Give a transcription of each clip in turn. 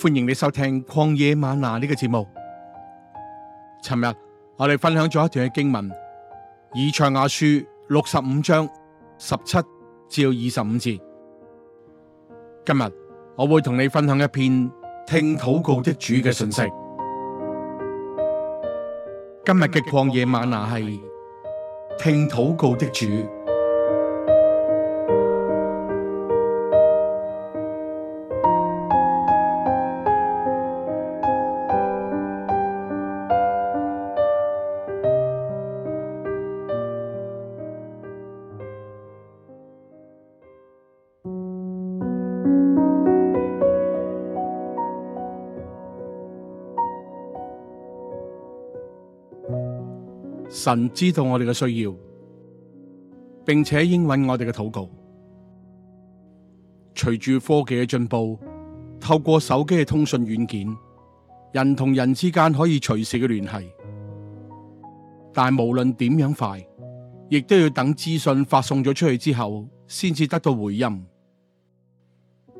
歡迎你收聽曠野嗎哪呢個節目。尋日我哋分享咗一段嘅經文，以賽亞書六十五章十七至二十五節。今日我會同你分享一篇聽禱告的主嘅信息。今日嘅曠野嗎哪係聽禱告的主。神知道我哋嘅需要，並且應允我哋嘅禱告。隨住科技嘅進步，透過手機嘅通訊軟件，人同人之間可以隨時嘅聯繫。但係無論點樣快，亦都要等資訊發送咗出去之後，先至得到回音。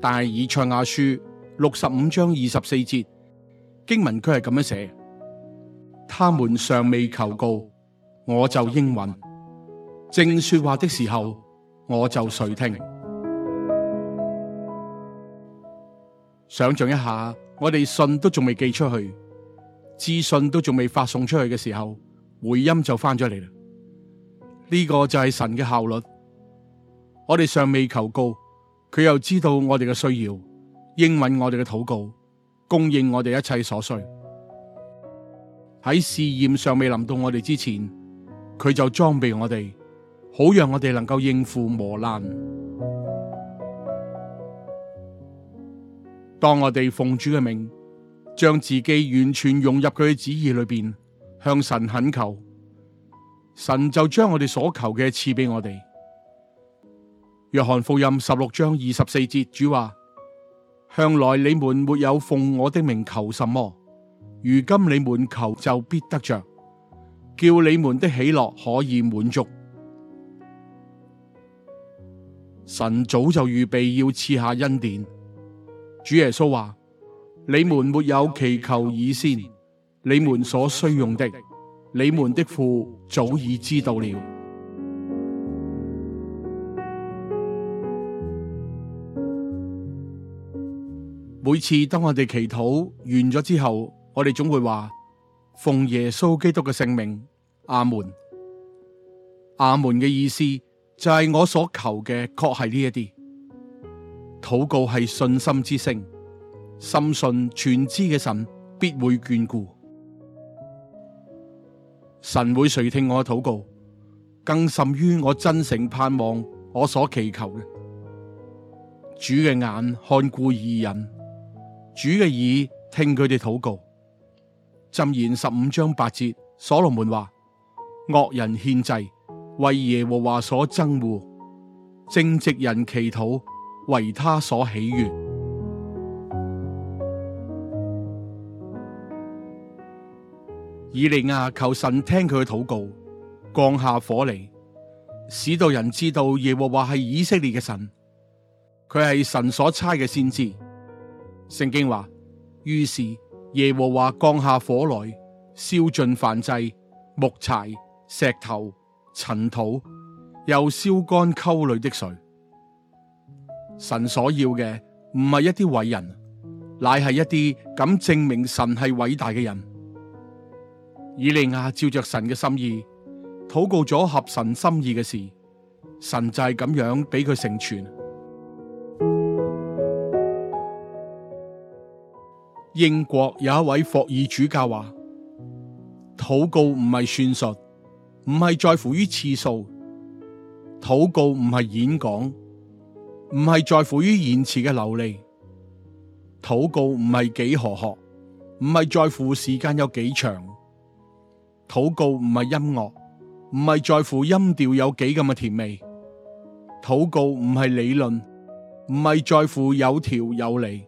但係以賽亞書六十五章二十四節經文，佢係咁樣寫：他們尚未求告。我就應允，正說話的時候，我就垂聽。想象一下，我哋信都仲未寄出去，資訊都仲未發送出去嘅時候，回音就翻咗嚟啦。呢個就係神嘅效率。我哋尚未求告，佢又知道我哋嘅需要，應允我哋嘅禱告，供應我哋一切所需。喺試驗尚未臨到我哋之前。佢就裝備我哋，好讓我哋能夠應付磨難。當我哋奉主嘅名，將自己完全融入佢嘅旨意裏邊，向神懇求，神就將我哋所求嘅賜俾我哋。約翰福音十六章二十四節，主話：向來你們沒有奉我的名求什麼，如今你們求就必得着。叫你們的喜樂可以滿足，神早就預備要賜下恩典。主耶穌話： 你們沒有祈求以先， 你們所需用的， 你們的父早已知道了。 每次當我哋祈禱完咗之後，我哋總會話。奉耶穌基督嘅聖名，阿門。阿門嘅意思就係我所求嘅確係呢一啲。禱告係信心之聲，深信全知嘅神必會眷顧，神會垂聽我嘅禱告，更甚於我真誠盼望我所祈求嘅。主嘅眼看顧義人，主嘅耳聽佢哋禱告。箴言十五章八節，所羅門話：惡人獻祭，為耶和華所憎惡；正直人祈禱，為他所喜悦。以利亞求神聽佢嘅禱告，降下火嚟，使到人知道耶和華係以色列嘅神，佢係神所差嘅先知。聖經話，於是。耶和華降下火來，燒盡燔祭、木柴、石頭、塵土，又燒乾溝裏的水。神所要嘅唔係一啲偉人，乃係一啲敢證明神係偉大嘅人。以利亞、啊、照着神嘅心意，禱告咗合神心意嘅事，神就係咁樣俾佢成全。英國有一位霍爾主教話：禱告唔係算術，唔係在乎於次數；禱告唔係演講，唔係在乎於言辭嘅流利；禱告唔係幾何學，唔係在乎時間有幾長；禱告唔係音樂，唔係在乎音調有幾咁嘅甜味；禱告唔係理論，唔係在乎有條有理。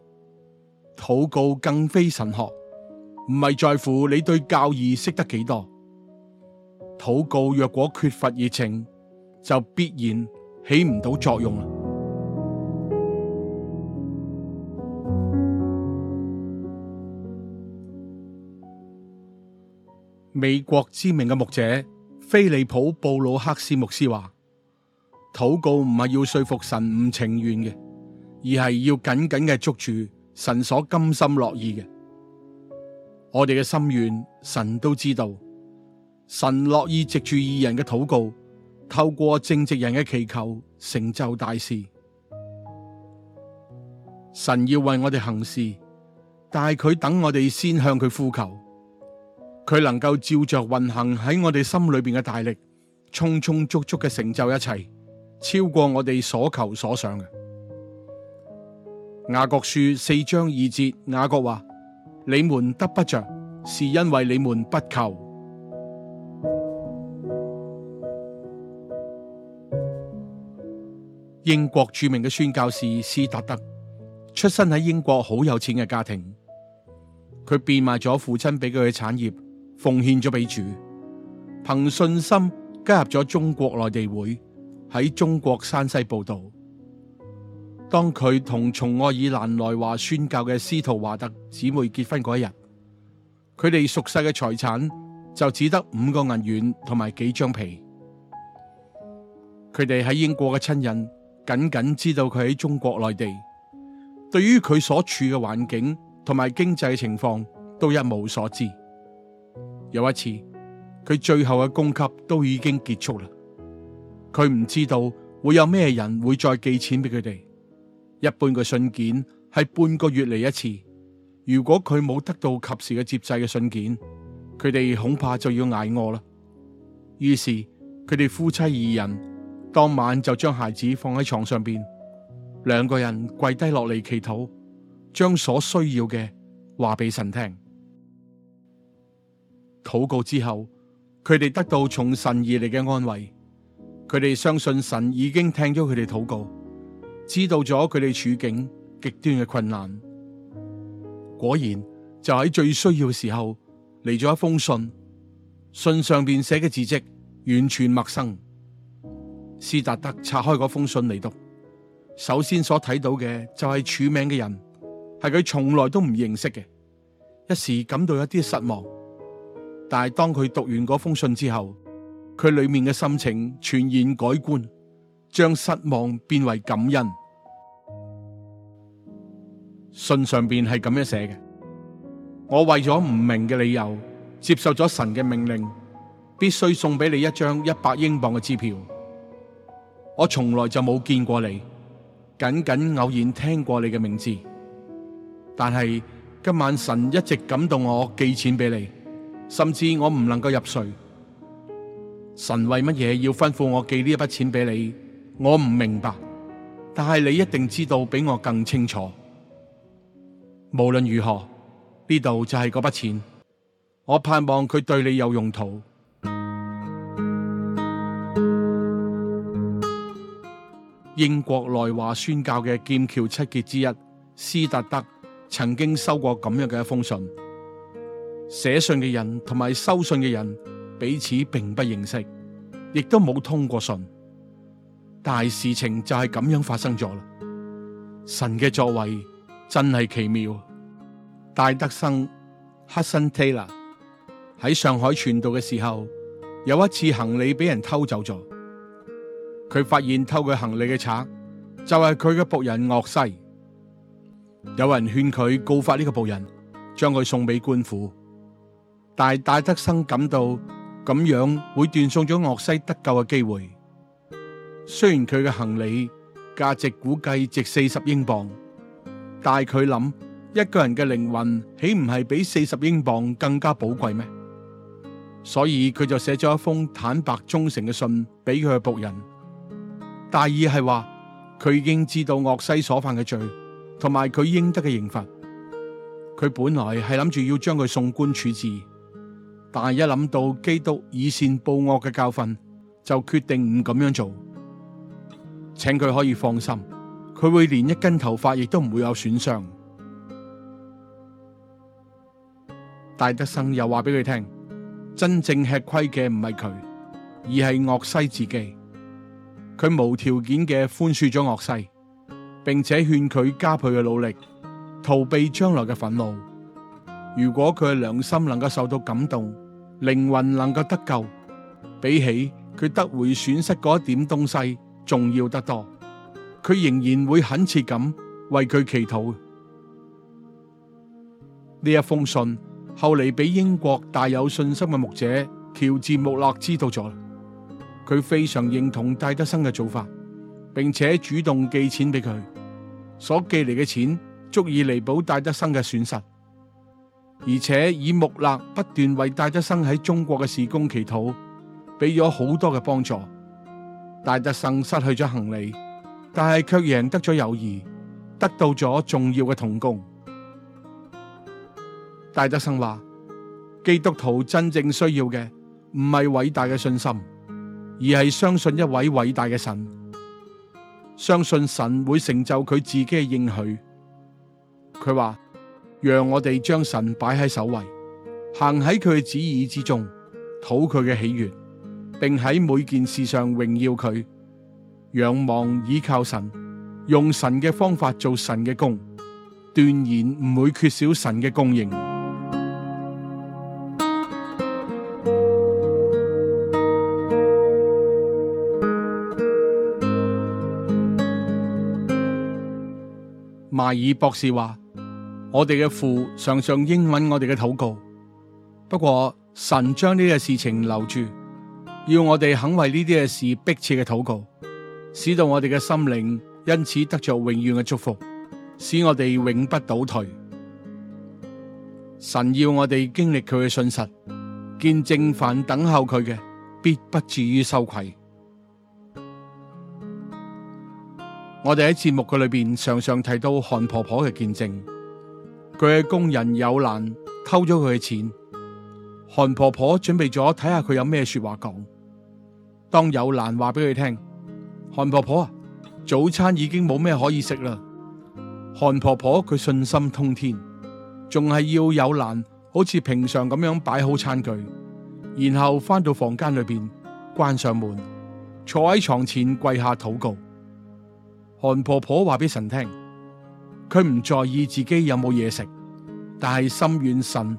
禱告更非神學，唔係在乎你對教義識得幾多。禱告若果缺乏熱情，就必然起唔到作用啦。美國知名嘅牧者菲利普·布魯克斯牧師話：禱告唔係要說服神唔情願嘅，而係要緊緊嘅捉住。神所甘心樂意嘅，我哋嘅心願神都知道，神樂意藉住義人嘅禱告，透過正直人嘅祈求成就大事。神要為我哋行事，但係佢等我哋先向佢呼求，佢能夠照着運行喺我哋心裏邊嘅大力，充充足足嘅成就一切，超過我哋所求所想嘅。雅各書四章二節，雅各話：你們得不着，是因為你們不求。英國著名嘅宣教士斯達德，出身喺英國好有錢嘅家庭，佢變賣咗父親俾佢嘅產業，奉獻咗俾主，憑信心加入咗中國內地會喺中國山西報道。當佢同從愛爾蘭來華宣教嘅司徒華特姊妹結婚嗰一日，佢哋熟悉嘅財產就只得五個銀元同埋幾張皮。佢哋喺英國嘅親人僅僅知道佢喺中國內地，對於佢所處嘅環境同埋經濟嘅情況都一無所知。有一次，佢最後嘅供給都已經結束啦，佢唔知道會有咩人會再寄錢俾佢哋。一般嘅信件係半個月嚟一次，如果佢冇得到及時嘅接濟嘅信件，佢哋恐怕就要挨餓啦。於是佢哋夫妻二人當晚就將孩子放喺床上邊，兩個人跪低落嚟祈禱，將所需要嘅話俾神聽。禱告之後，佢哋得到從神而嚟嘅安慰，佢哋相信神已經聽咗佢哋禱告。知道咗佢哋處境極端嘅困難，果然就喺最需要嘅時候嚟咗一封信。信上面寫嘅字跡完全陌生。斯達德拆開嗰封信嚟讀，首先所睇到嘅就係署名嘅人，係佢從來都唔認識嘅。一時感到有啲失望，但係當佢讀完嗰封信之後，佢裏面嘅心情全然改觀。將失望變為感恩。信上邊係咁樣寫嘅：我為咗唔明嘅理由接受咗神嘅命令，必須送俾你一張一百英鎊嘅支票。我從來就冇見過你，僅僅偶然聽過你嘅名字。但係今晚神一直感動我寄錢俾你，甚至我唔能夠入睡。神為乜嘢要吩咐我寄呢一筆錢俾你？我唔明白，但係你一定知道比我更清楚。無論如何，呢度就係嗰筆錢。我盼望佢對你有用途。英國內華宣教嘅劍橋七傑之一，斯達德曾經收過咁樣嘅一封信。寫信嘅人同埋收信嘅人彼此並不認識，亦都冇通過信。大事情就係咁樣發生咗啦，神嘅作為真係奇妙。戴德生 Hudson Taylor 喺上海傳道嘅時候，有一次行李俾人偷走咗，佢發現偷佢行李嘅賊就係佢嘅僕人岳西。有人勸佢告發呢個僕人，將佢送俾官府，但係戴德生感到咁樣會斷送咗岳西得救嘅機會。雖然佢嘅行李價值估計值四十英鎊，但係佢諗，一個人嘅靈魂豈唔係比四十英鎊更加寶貴咩？所以佢就寫咗一封坦白忠誠嘅信俾佢嘅僕人。大意係話佢已經知道惡西所犯嘅罪同埋佢應得嘅刑罰。佢本來係諗住要將佢送官處置，但係一諗到基督以善報惡嘅教訓，就決定唔咁樣做。請佢可以放心，佢會連一根頭髮亦都唔會有損傷。戴德生又話俾佢聽，真正吃虧嘅唔係佢，而係岳西自己。佢無條件嘅寬恕咗岳西，並且勸佢加倍嘅努力，逃避將來嘅憤怒。如果佢嘅良心能夠受到感動，靈魂能夠得救，比起佢得回損失嗰一點東西，重要得多，佢仍然會懇切咁為佢祈禱。呢一封信後嚟俾英國大有信心嘅牧者喬治穆勒知道咗，佢非常認同戴德生嘅做法，並且主動寄錢俾佢，所寄嚟嘅錢足以彌補戴德生嘅損失，而且以穆勒不斷為戴德生喺中國嘅事工祈禱，俾咗好多嘅幫助。戴德生失去咗行李，但係卻贏得咗友誼，得到咗重要嘅同工。戴德生話：基督徒真正需要嘅唔係偉大嘅信心，而係相信一位偉大嘅神，相信神會成就佢自己嘅應許。佢話：讓我哋將神擺喺首位，行喺佢旨意之中，討佢嘅喜悦。並喺每件事上榮耀佢，仰望倚靠神，用神嘅方法做神嘅功，斷然唔會缺少神嘅供應。邁爾博士話：我哋嘅父常常應允我哋嘅禱告，不過神將呢個事情留住，要我哋肯為呢啲嘅事迫切嘅禱告，使到我哋嘅心靈因此得着永遠嘅祝福，使我哋永不倒退。神要我哋經歷佢嘅信實，見證凡等候佢嘅，必不至於羞愧。我哋喺節目嘅裏邊常常提到韓婆婆嘅見證，佢嘅工人有難，偷咗佢嘅錢。韓婆婆準備咗睇下佢有咩說話講。當有蘭話俾佢聽，韓婆婆，早餐已經冇咩可以食啦。韓婆婆佢信心通天，仲係要有蘭好似平常咁樣擺好餐具，然後返到房間裏邊關上門，坐喺床前跪下禱告。韓婆婆話俾神聽，佢唔在意自己有冇嘢食，但係心願神。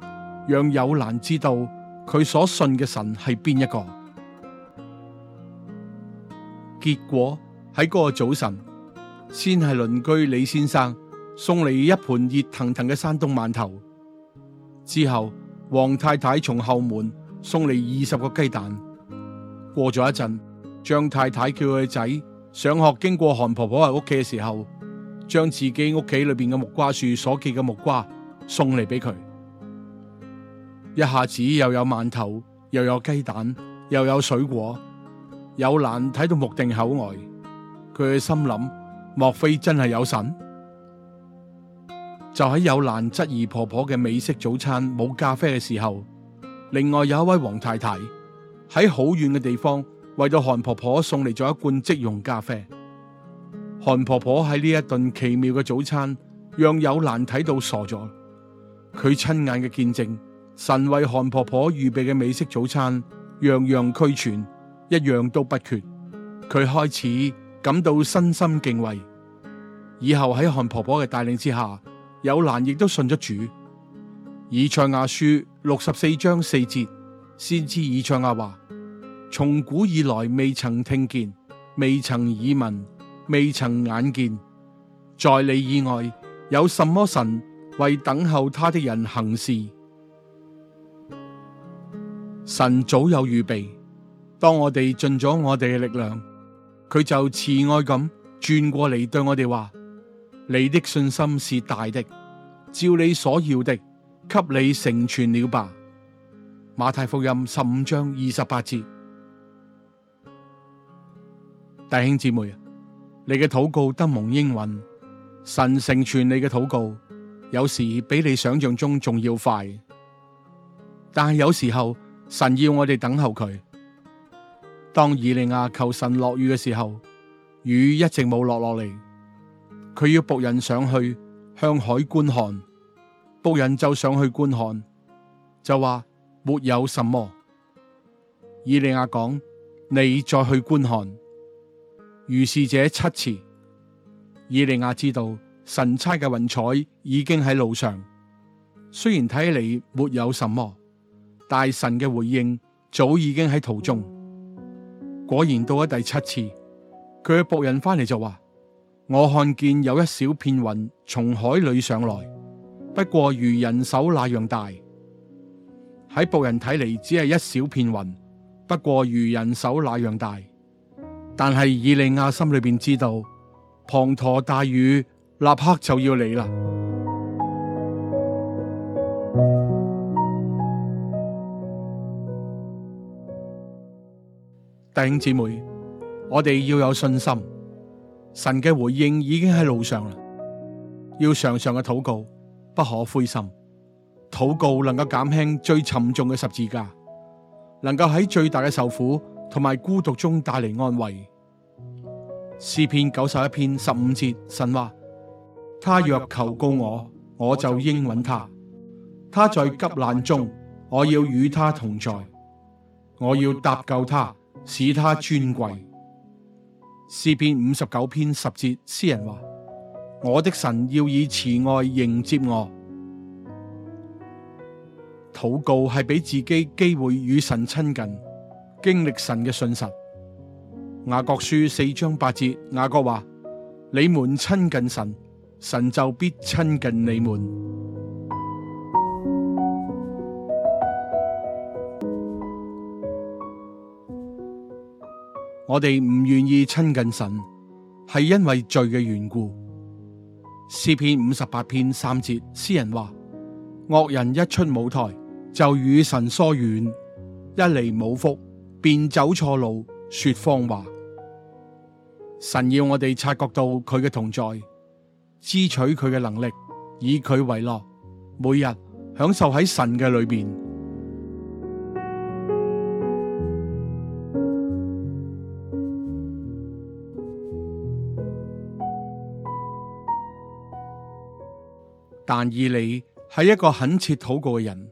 讓友蘭知道佢所信嘅神係邊一個。結果喺嗰個早晨，先係鄰居李先生送嚟一盤熱騰騰嘅山東饅頭，之後黃太太從後門送嚟二十個雞蛋。過咗一陣，張太太叫佢仔上學經過韓婆婆喺屋企嘅時候，將自己屋企裏邊嘅木瓜樹所結嘅木瓜送嚟俾佢。一下子又有饅頭，又有雞蛋，又有水果，有蘭睇到目定口呆。佢嘅心諗：莫非真係有神？就喺有蘭質疑婆婆嘅美式早餐冇咖啡嘅時候，另外有一位黃太太喺好遠嘅地方為咗韓婆婆送嚟咗一罐即溶咖啡。韓婆婆喺呢一頓奇妙嘅早餐，讓有蘭睇到傻咗。佢親眼嘅見證。神為韓婆婆預備嘅美式早餐，樣樣俱全，一樣都不缺。佢開始感到身心敬畏。以後喺韓婆婆嘅帶領之下，有難亦都信咗主。以賽亞書六十四章四節先知以賽亞話：從古以來未曾聽見，未曾耳聞，未曾眼見，在你以外有什麼神為等候他的人行事？神早有預備，當我哋盡咗我哋嘅力量，佢就慈愛咁轉過嚟對我哋話：你的信心是大的，照你所要的，給你成全了吧。馬太福音十五章二十八節，弟兄姊妹啊，你嘅禱告得蒙應允，神成全你嘅禱告，有時比你想象中仲要快，但係有時候。神要我哋等候佢。當以利亞求神落雨嘅時候，雨一直冇落落嚟。佢要僕人上去向海觀看，僕人就上去觀看，就話沒有什麼。以利亞講：你再去觀看。如是者七次。以利亞知道神差嘅雲彩已經喺路上，雖然睇嚟沒有什麼。大神嘅回應早已經喺途中，果然到咗第七次，佢嘅僕人翻嚟就話：我看見有一小片雲從海裏上來，不過如人手那樣大。喺僕人睇嚟，只係一小片雲，不過如人手那樣大。但係以利亞心裏邊知道，滂沱大雨立刻就要嚟啦。弟兄姊妹，我哋要有信心，神嘅回應已經喺路上啦。要常常嘅禱告，不可灰心。禱告能夠減輕最沉重嘅十字架，能夠喺最大嘅受苦同埋孤獨中帶嚟安慰。詩篇九十一篇十五節，神話：他若求告我，我就應允他；他在急難中，我要與他同在，我要搭救他。使他尊貴。詩篇五十九篇十節，詩人話：我的神要以慈愛迎接我。禱告係俾自己機會與神親近，經歷神嘅信實。雅各書四章八節，雅各話：你們親近神，神就必親近你們。我哋唔願意親近神，係因為罪嘅緣故。詩篇五十八篇三節，詩人話：惡人一出母胎，就與神疏遠；一離母腹，便走錯路，說謊話。神要我哋察覺到佢嘅同在，支取佢嘅能力，以佢為樂，每日享受喺神嘅裏邊。但以理係一個懇切禱告嘅人，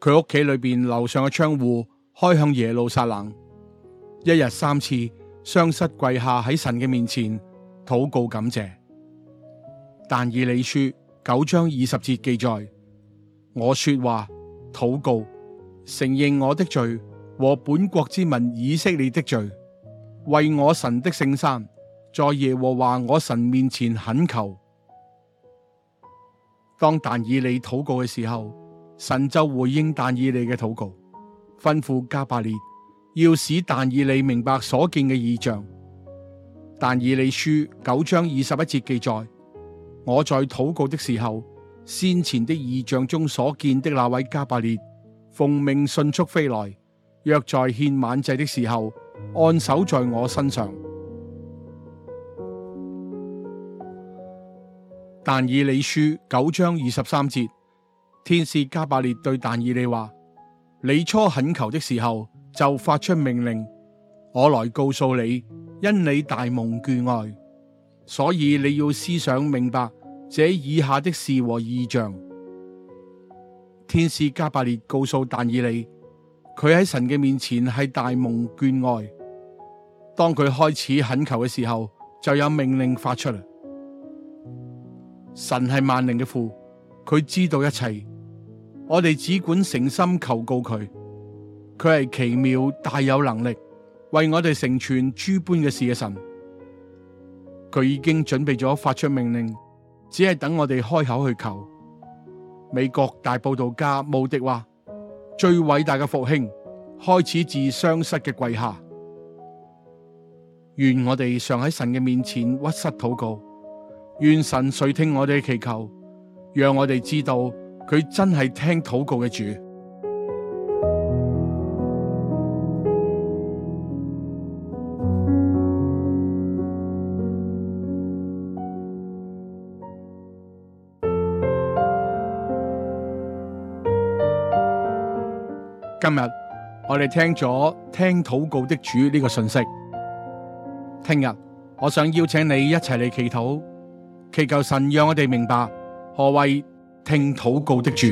佢屋企裏邊樓上嘅窗戶開向耶路撒冷，一日三次雙膝跪下喺神嘅面前禱告感謝。但以理書九章二十節記載：我說話禱告，承認我的罪和本國之民以色列的罪，為我神的聖山，在耶和華我神面前懇求。當但以利禱告嘅時候，神就回應但以利嘅禱告，吩咐加百列要使但以利明白所見嘅異象。但以利書九章二十一節記載：我在禱告的時候，先前的異象中所見的那位加百列，奉命迅速飛來，約在獻晚祭的時候，按手在我身上。但以理書九章二十三節，天使加百列對但以理話：你初懇求的時候就發出命令，我來告訴你，因你大蒙眷愛，所以你要思想明白這以下的事和異象。天使加百列告訴但以理，佢喺神嘅面前係大蒙眷愛，當佢開始懇求嘅時候，就有命令發出。神係萬靈嘅父，佢知道一切，我哋只管誠心求告佢。佢係奇妙大有能力，為我哋成全諸般嘅事嘅神。佢已經準備咗發出命令，只係等我哋開口去求。美國大報道家穆迪話：最偉大嘅復興開始自雙膝嘅跪下。願我哋常喺神嘅面前屈膝禱告。願神垂聽我哋嘅祈求，讓我哋知道佢真係聽禱告嘅主。今日我哋聽咗聽禱告的主呢個信息，聽日我想邀請你一齊嚟祈禱。祈求神讓我哋明白何謂聽禱告的主。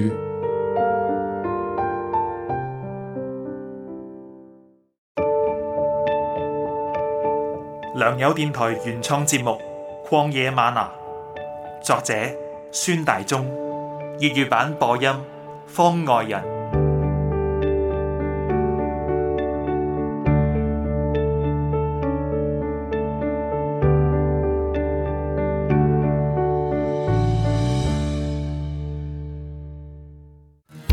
良友電台原創節目《曠野嗎哪》，作者孫大中，粵語版播音方外人。